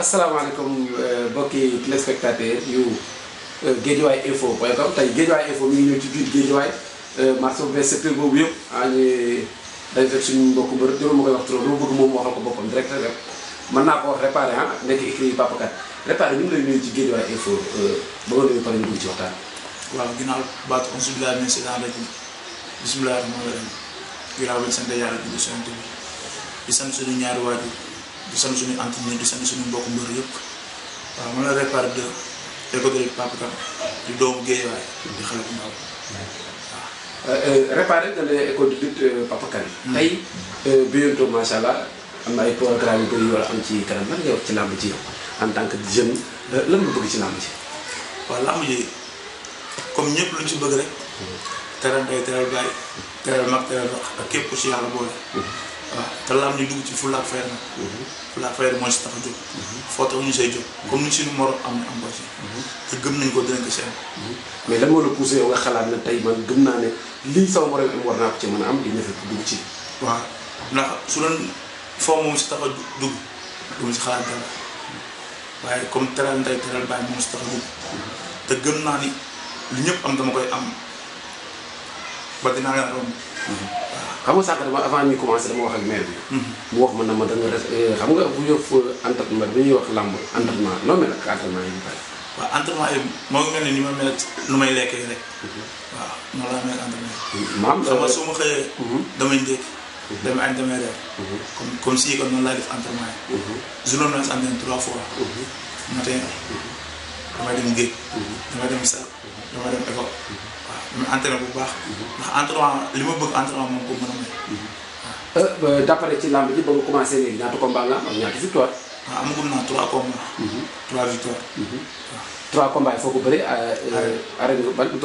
asalaamaaleykum euh, mbokki téléspectateur yu euh, Guédiawaye info point com tey Guédiawaye info mi ngi ñëw ci biir Guédiawaye euh, marché bu bees secteur boobu yëpp ah ñu day fekk suñu mbokku mbër dama ma koy wax trop lu bëgg moom waxal ko boppam direct rek mën naa ko wax réparé ah nekk écrit Papa Kane réparé ñu ngi lay nuyu ci Guédiawaye info ba nga nuyu pare ñu dugg ci waxtaan. waaw ginnaaw baatu on se dit daal merci daal rek bisimilah rahmaani rahim. ginnaaw bañ sant yàlla di sant bi di sant suñu ñaari waajur di sant suñu entraîneur di sant suñu mbokku mbër yëpp waaw man la Répar 2 école de Papa Kan di doomu Guédiawaye di xale bu ndaw waaw. Euh, euh, Répar nga ne école de lutte euh, Papa hmm. am na ay programme yu bëri yoo am ci kanam lan ngay wax ci làmb ji en tant que jeune lan nga bëgg ci làmb ji. waaw làmb ji comme ñëpp luñ ci bëgg rek. teral day teral bàyyi teral mag ak képp ku ci yàlla boole. Hmm. te laam ñu dugg ci fulaak fayda nag. Mhm. fulaak fayda moo si tax a jóg. Mhm. foo tax ñu say jóg. Mhm. comme ni suñu morom am am si. te gëm nañ ko dinañ si am. mais lan moo la poussé xalaat ne tey man gëm naa ne lii sama morom am war naa ko ci am di ñëfe dugg ci. waaw ndax su doon foo moom si te gëm naa ni li ñëpp am dama koy am ba dinaa leen romb. xam nga sànq dama avant ñuy commencé dama wax ak maire mu wax ma ne ma da nga def eh, xam nga bu ñu eh, ñuy wax làmb entraînement noo mel ak entraînement yi ñu pare. waaw entraînement yi ni ni ma mel lu may lekk yi rek. Mhm. waaw noonu laa mel entraînement. Mhm. maam xam nga euh, su ma xëyee. Mhm. damay ndékki. damay añ damay reer. comme comme si kon noonu laa def entraînement yi. journée bi naan entraîné trois fois. matin. dama dem géej. dama dem salle dama dem école. waaw dama entraîné bu baax. ndax li ma bëgg entraînement moom ko mën a may. Euh, waaw d'après ci lamb ji ba nga commencé léegi ñaata nga am ak ñaata victoire. waaw ah, amagum naa trois combats. Mhm. trois victoires. Mhm. trois euh,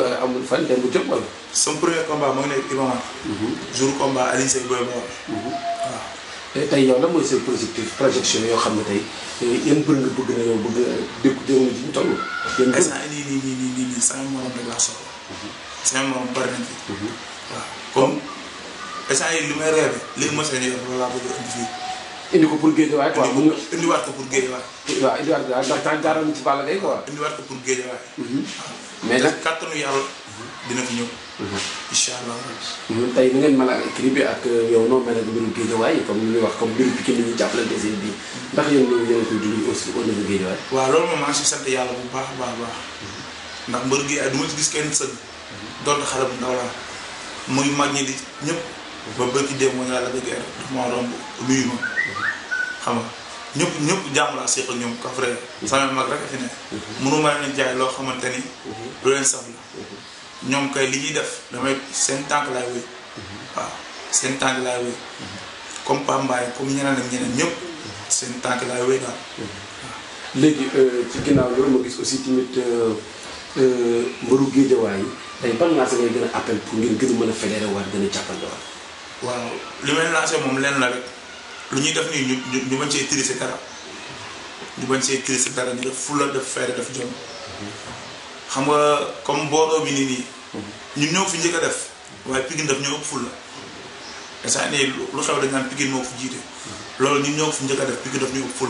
euh, fan dem bu jóg wala. sama premier combat moo ngi nekk Ibamar. Mhm. jour combat Alioune Seye Boy Baol. waaw. tay yow lan moy seen projectif projection yo xam tay eh, yeen bëgg nga bëgg na yow bëgg dégg jamono ji ñu toll. yan bëri instant nii nii nii nii nii sama morom rek laa soxla. Mhm. sama morom bari na ci. Mhm. waaw comme instant yii li may rêvé li ma seen yor loolu bëgg indi indi ko pour quoi ko pour ci Balla quoi. ko pour mhm. mais dina fi ñëw mhm. allah ñun tey ni ngeen mën a ak yow noo mel ak mbiru géejawaay comme ñu wax comme mbiru pikin ñu jàppalante seen biir ndax yéen loolu yéen ko dund aussi au niveau géejawaay waaw loolu moom maa ngi sant yàlla bu baax baax baax mhm. ndax mbër gi du ma gis kenn mhm. doon bu muy mag di ñëpp ba dem romb ma xam ñëpp ñëpp ka vrai sama mag rek fi ne mënu ma leen jaay loo xamante ñoom kay li ñuy def damay seen tànk laay wéy waaw seen tànk laay wéy comme Pambaay comme ñeneen ak ñeneen ñëpp seen tànk laay wéy daal waaw léegi euh, ci ginnaaw loolu ma gis aussi tamit euh, euh, mbëru géejawaay yi tey ban lancé ngay gën a mën a fédéré waat gën a jàppandiwaat li may lancé moom lenn la rek lu ñuy def nii ñu ñu bañ see tirise dara ñu bañ see tirise dara ñu def fulla def fayda def jom xam nga comme mbooloo bi nii nii. ñun ñoo fi njëkk a def. waaye Pikine daf ñoo ëpp ful sa instant yii lu xew dañ naan Pikine moo loolu ñun ñoo ko fi def Pikine daf ñoo ëpp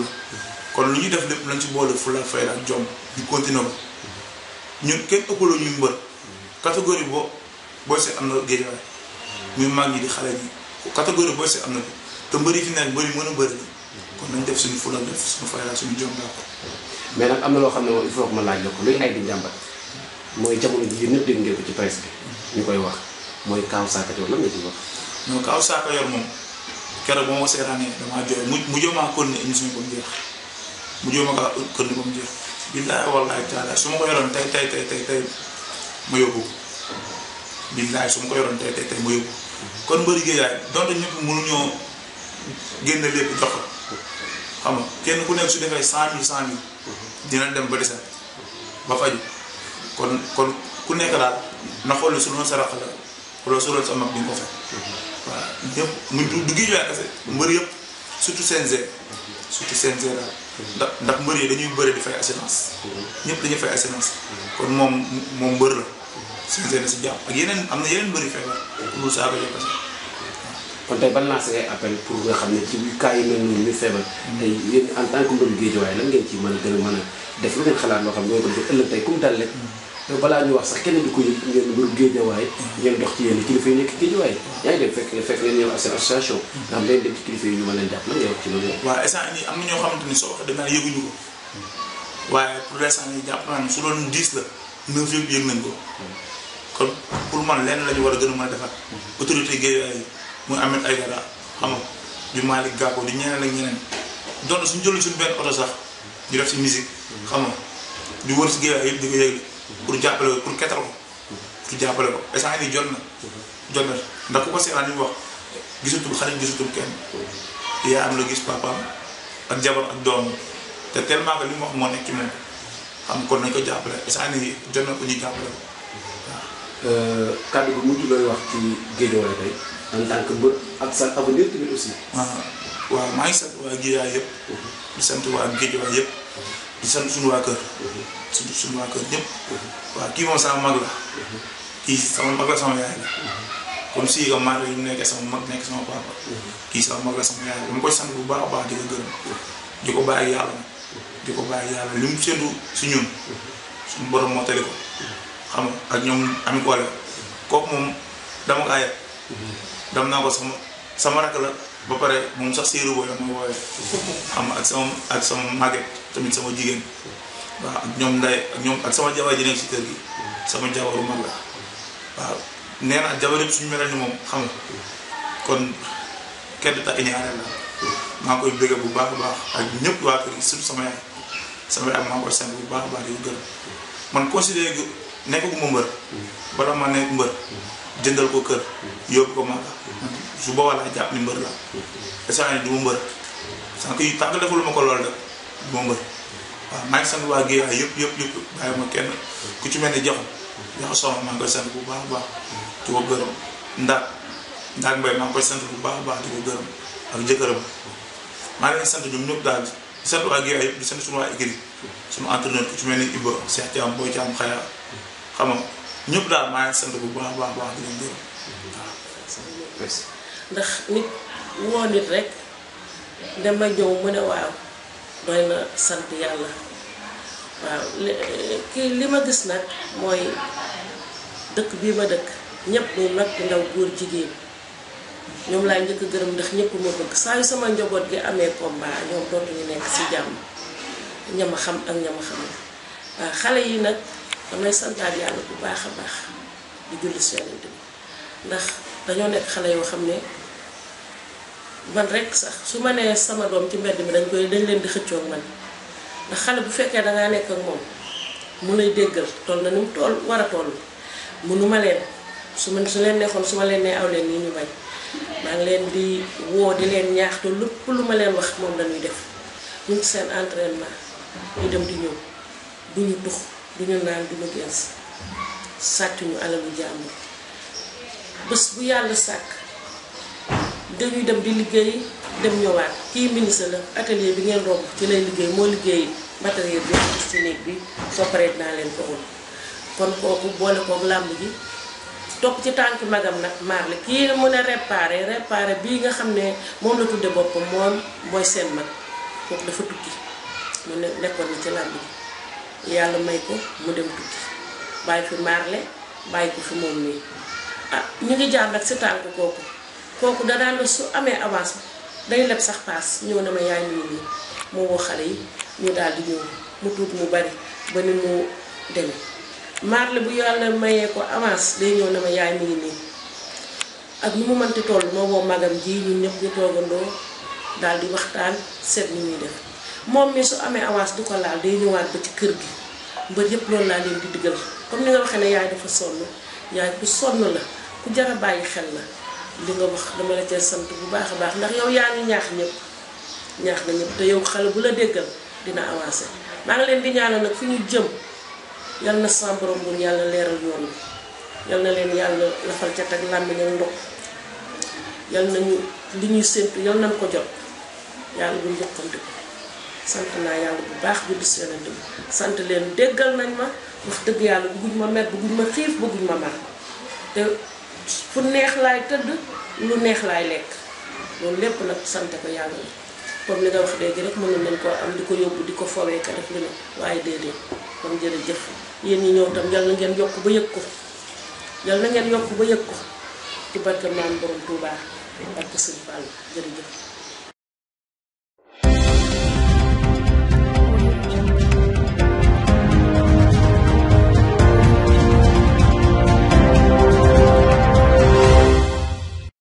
kon lu ñuy def lépp lañ ci boole fula ak fayda ak jom ñu continué ko. ñun ñu mbër. catégorie boo booy si am na géejawaay. muy mag ñi di xale ñi catégorie booy si am na ko te mbër yi fi nekk mbër mën a bëri kon nañ def suñu fula def suñu fayda suñu jom laa ko. mais nag am na loo xam ne il faut que ma laaj la ko luy ay di njàmbat mooy jamono jii ñëpp dégg ngeen ko ci presse bi. ñu koy wax mooy Kaaw Sakho Dior lan nga ci wax. Kaaw Sakho Dior moom mu mu mu jeex mu jooma kaa kon ma ko yoroon tey tey tey tey ma su ma ko yoroon tey tey tey kon mbëri Géejawaay donte ñëpp mënuñoo génn lépp kenn ku nekk su defee cent mille cent mille dina dem ba desal ba faju kon kon ku nekk daal na xool ne sunu sarax la wala sunu sa mag di ko fekk waaw ñëpp mu du du gii joxe kese mbër yëpp surtout CNG surtout CNG daal ndax ndax mbër yi dañuy bëri di fay assurance ñëpp dañuy fay assurance kon moom moom mbër la CNG na si jàpp ak yeneen am na yeneen mbër yu fay la pour sa abal parce que kon tey ban lancé ngay appel pour nga xam ne ci cas yi mel noonu ñu feebar mm. tey yéen en tant que mbër géej lan ngeen ci mën a gën a mën a def lu ngeen xalaat loo xam ne ko def ëllëg tey comme dal mm. balaa ñu wax sax keneen di ko yëg ngeen wër géejawaay mm. ngeen ci yéen kilifa yi nekk géejawaay yaa ngi dem fekk fekk leen ñoom mm. xam dañ dem ci wax ci loolu waaw instant nii am na pour l'instant nii jàpp naa ne su la yëpp nañ ko kon pour man lenn la ñu war a gën a mën defar autorité géejawaay yi muy Ahmed Aïdara xam nga ñu Malick Gakou di ñeneen ak ñeneen doon suñ jëlu suñu benn oto sax ñu def si musique. xam nga ñu wër si géewaay yëpp di ko yëgle. pour jàppale ko pour kettal pour jàppale ko échange bi jot na. jot na ndax ku ko seetaan ñu wax gisatul xarit gisatul kenn. yaa am la gis papaam ak jabar ak doom te tellement que li mu wax moo nekk ci moom xam kon nañ ko jàppale échange yi jot na ko ñu jàppale ko. Euh, kàddu gu mujj looy wax ci Guédiawaye ko en tant que mbër ak sa avenir tamit aussi. Ah. waa maa ngi sant waa Guédiawaye yëpp. Mhm. di sant waa Guédiawaye yëpp. Mhm. di sant suñu waa kër. Mhm. suñu suñu waa kër ñëpp. waaw kii moom sama mag la. kii sama mag la sama yaay la. comme si que maa ngi nekk sama koy sant bu baax a baax di ko gërëm. di ko bàyyi yàlla di ko bàyyi yàlla li mu séntu si ñun. suñu borom moo tali xam nga ak ñoom ami ko kooku moom dama ko ayat. dam naa ko sama sama rakk la. ba pare mom sax séeru wooy la ma am ak sama ak sama màgget tamit sama jigen wa ak ñom nday ak ñom ak sama jabar ji nek ci kër gi sama jabaru mag la wa neena jabaru suñu melal ni mom xam nga kon kedd ta ñaareel la ma koy bëgg bu baax baax ak ñepp wa kër gi sama yaay sama yaay ma ko sen bu baax baax yu gën man considéré nekku nekkaguma mbeur bala ma nekku mbeur jëndal ko kër yóbbu ko Màkka su boobaa laa jàpp ni mbër la yu tànk deful ma ko lool de du ma mbër waaw sant waa Guédiawaye yëpp yëpp bàyyi ma kenn ku ci mel ni Jaxu Jaxu Sow maa koy sant bu baax baax di ko gërëm ndax ndax Mbaye maa ngi koy sant bu baax a baax di ko gërëm ak jëkkëram maa ngi leen sant ñoom ñëpp daal di sant waa Guédiawaye yëpp di sant suñu waa écrit suñu entraîneur ku ci mel ne Iba Cheikh Thiam Boy Thiam Xaya xam nga ñëpp daal maa ngi sant bu baax baax baax ndax nit woo nit rek dama ñëw mu ne waaw doy na sant yàlla waaw kii li ma gis nag mooy dëkk bii ma dëkk ñépp ñu mag góor jigéen ñoom laay njëkk gërëm ndax ñëpp ma bëgg saa yu sama njaboot gi amee combat ñoom dootuñu nekk ci jàmm ñama xam ak ñama xam xale yi nag. damay santaat yàlla bu baax a baax di julli seenante bi ndax dañoo nekk xale yoo xam ne man rek sax su ma nee sama doom ci mbedd mi dañ koy dañ leen di xëccoo man ndax xale bu fekkee dangaa nekk ak moom mu lay déggal toll na ni mu toll war a toll mënuma leen su ma su leen neexoon su ma leen nee aw leen nii ñu bañ maa ngi leen di woo di leen ñaax te lu ma leen wax moom lañuy def ñu seen entraînement ñu dem di ñëw du tux dina naan dina gens sàccuñu alalu jàmbur bés bu yàlla sàkk dañuy dem di liggéey dem ñëwaat kii ministre la atelier bi ngeen romb ci lay liggéey moo liggéey matériel bi ci néeg bi naa leen ko kon kooku làmb ji topp ci tànk magam nag maar la kii mën a réparé réparé bii nga xam ne moom la tudde boppam moom mooy seen mag foofu dafa tukki mu ne nekkoon na ci làmb ji yàlla may ko mu dem tukki bàyyi fi Marley bàyyi ko fi moom nii ah ñu ngi jaar nag si tànk kooku kooku da daan la su amee avance day leb sax paas ñëw na ma yaay ñu nii mu xale yi ñu daal mu bari ba ni mu bu yàlla mayee ko avance day na ma yaay mi ngi nii ak nu mu mënti toll moo magam ji ñun ñëpp ñu toogandoo daal di waxtaan seet ni ñuy def. mom mi su amé avance du ko laal day ñëwaat ba ci kër gi mbeur yëpp loolu laa leen di diggal comme ni nga waxee ne yaay dafa sonn yaay ku sonn la ku jara a bàyyi xel la li nga wax dama la cee sant bu baax a baax ndax yow yaa ngi ñaax ñëpp ñaax na ñëpp te yow xale bu la déggal dina avancé maa ngi leen di ñaanal nag fi ñu jëm yal na sa borom bu yàlla leeral yoon bi na leen yàlla lafal cat ak làmmiñ ak ndox yal nañu li ñuy séntu yal nañ ko jot yàlla buñ jokkandiku sant naa yàlla bu baax bi di seen dëgg sant leen déggal nañ ma wax dëgg yàlla bëgguñ ma mer bëgguñ ma xiif bëgguñ ma mar te fu neex laay tëdd lu neex laay lekk loolu lépp nag sant ko yàlla la comme li nga wax léegi rek mënoon nañ koo ko yóbbu di ko fowee ka def lu ne waaye déedéet yéen ñi ñëw tam yal ngeen yokk ba yëg ko yal na ngeen yokk ba yëg ko ci barke maam borom Tuubaa barke Sëñ Fall jërëjëf